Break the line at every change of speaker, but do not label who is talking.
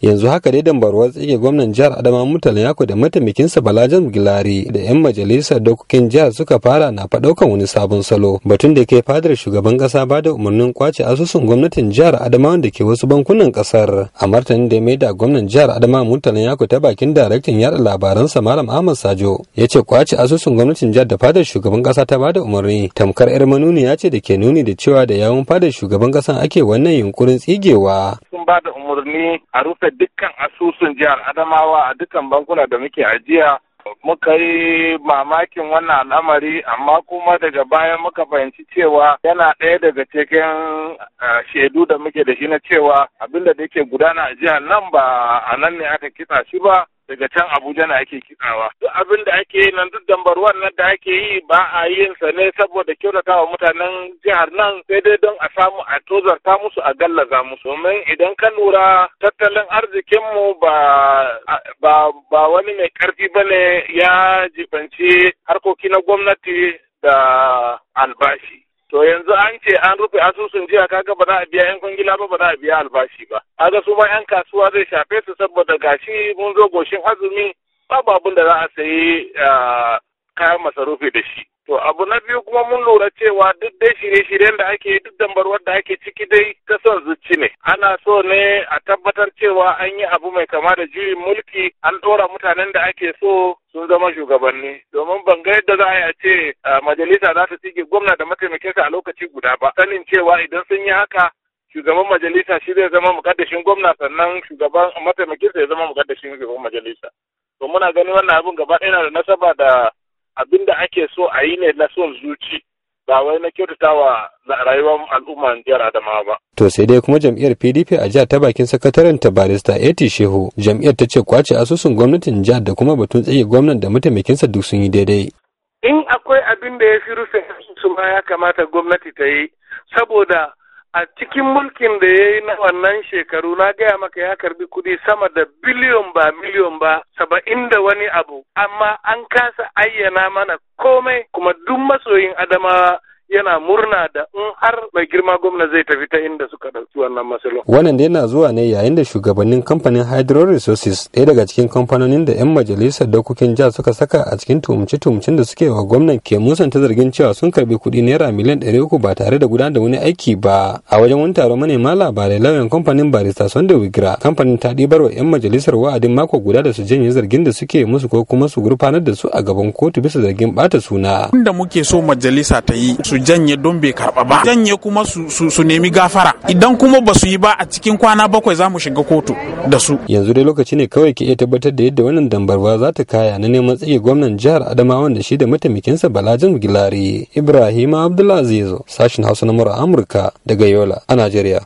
yanzu haka dai dambarwar tsige gwamnan jihar adama murtala yako da mataimakinsa balajan gilari da yan majalisar dokokin jihar suka fara na faɗaukan wani sabon salo batun da ke fadar shugaban ƙasa ba da umarnin kwace asusun gwamnatin jihar adama da ke wasu bankunan ƙasar a martanin da ya maida gwamnan jihar adama murtala yako ta bakin daraktan yaɗa labaransa malam ahmad sajo ya ce kwace asusun gwamnatin jihar da fadar shugaban ƙasa ta ba da umarni tamkar yar ya ce da ke nuni da cewa da yawun fadar shugaban ƙasa ake wannan yunkurin tsigewa.
sun ba da umarni a rufe dukkan asusun jihar Adamawa a dukkan bankuna da muke ajiya. Muka yi mamakin wannan al'amari amma kuma daga baya muka fahimci cewa yana ɗaya daga cikin eh, shaidu da muke da shi na cewa abinda da yake gudana a jihar nan ba a nan ne aka kisa shi ba daga can Abuja na ake kitsawa. Duk abin da ake yi nan duk dambarwan nan da ake yi ba a yin sa ne saboda wa mutanen jihar nan sai dai don a samu a tozarta musu a gallaza musu. Domin idan ka lura tattalin arzikinmu ba ba ba wani mai karfi bane ya jifanci harkoki na gwamnati da albashi. to yanzu an ce an rufe asusun jiya kaga ba za a biya yan kwangila ba ba za a biya albashi ba ga su ma yan kasuwa zai shafe su saboda gashi mun zo goshin azumi babu abin da za a sayi ah, kayan masarufi da shi To abu na biyu kuma mun lura cewa duk dai shirye-shiryen da ake yi duk dambarwar da ake ciki dai ta son zuci ne. Ana so ne a tabbatar cewa an yi abu mai kama da juyin mulki an ɗora mutanen da ake so sun zama shugabanni. Domin ban ga yadda za a yi a ce majalisa za ta tsige gwamna da mataimakinsa a lokaci guda ba. Sanin cewa idan sun yi haka shugaban majalisa shi zai zama mukaddashin gwamna sannan shugaban mataimakinsa ya zama mukaddashin shugaban majalisa. To muna ganin wannan abun gaba ɗaya na da nasaba da abin da ake so a yi ne na son zuci ba wai na kyautata wa rayuwar al'umma jihar Adamawa ba.
To sai dai kuma jam'iyyar PDP a jihar ta bakin sakataren ta barista Eti Shehu jam'iyyar ta ce kwace asusun gwamnatin jihar da kuma batun tsaye gwamnan da mataimakinsa duk sun yi daidai.
In akwai abin da ya fi rufe su ma ya kamata gwamnati ta yi saboda a cikin mulkin da ya yi na wannan shekaru na gaya maka ya karbi kudi sama da biliyon ba miliyon ba saba'in da wani abu amma an kasa ayyana mana komai kuma duk masoyin adamawa yana murna da in har mai girma gwamna zai tafi ta inda suka ɗauki wannan matsalolin.
Wannan yana zuwa ne yayin da shugabannin kamfanin Hydro Resources ɗaya daga cikin kamfanonin da 'yan majalisar dokokin jihar suka saka a cikin tuhumce tumcin da suke wa gwamnan ke musanta zargin cewa sun karbi kuɗi naira miliyan ɗari uku ba tare da gudanar da wani aiki ba. A wajen wani taron manema labarai lauyan kamfanin barista Sunday Wigra kamfanin ta ɗibar wa 'yan majalisar wa'adin mako guda da su janye zargin da suke musu ko kuma su gurfanar da su a gaban kotu bisa zargin ɓata suna. Inda muke so majalisa ta yi su janye don bai karɓa ba janye kuma su nemi gafara idan kuma ba su yi ba a cikin kwana bakwai za mu shiga kotu da su yanzu dai lokaci ne kawai ke iya tabbatar da yadda wannan dambarwa za ta kaya na neman tsige gwamnan jihar adamawa da shi da mataimakinsa balajan gilari ibrahim abdulaziz sashin hausa na mura amurka daga yola a najeriya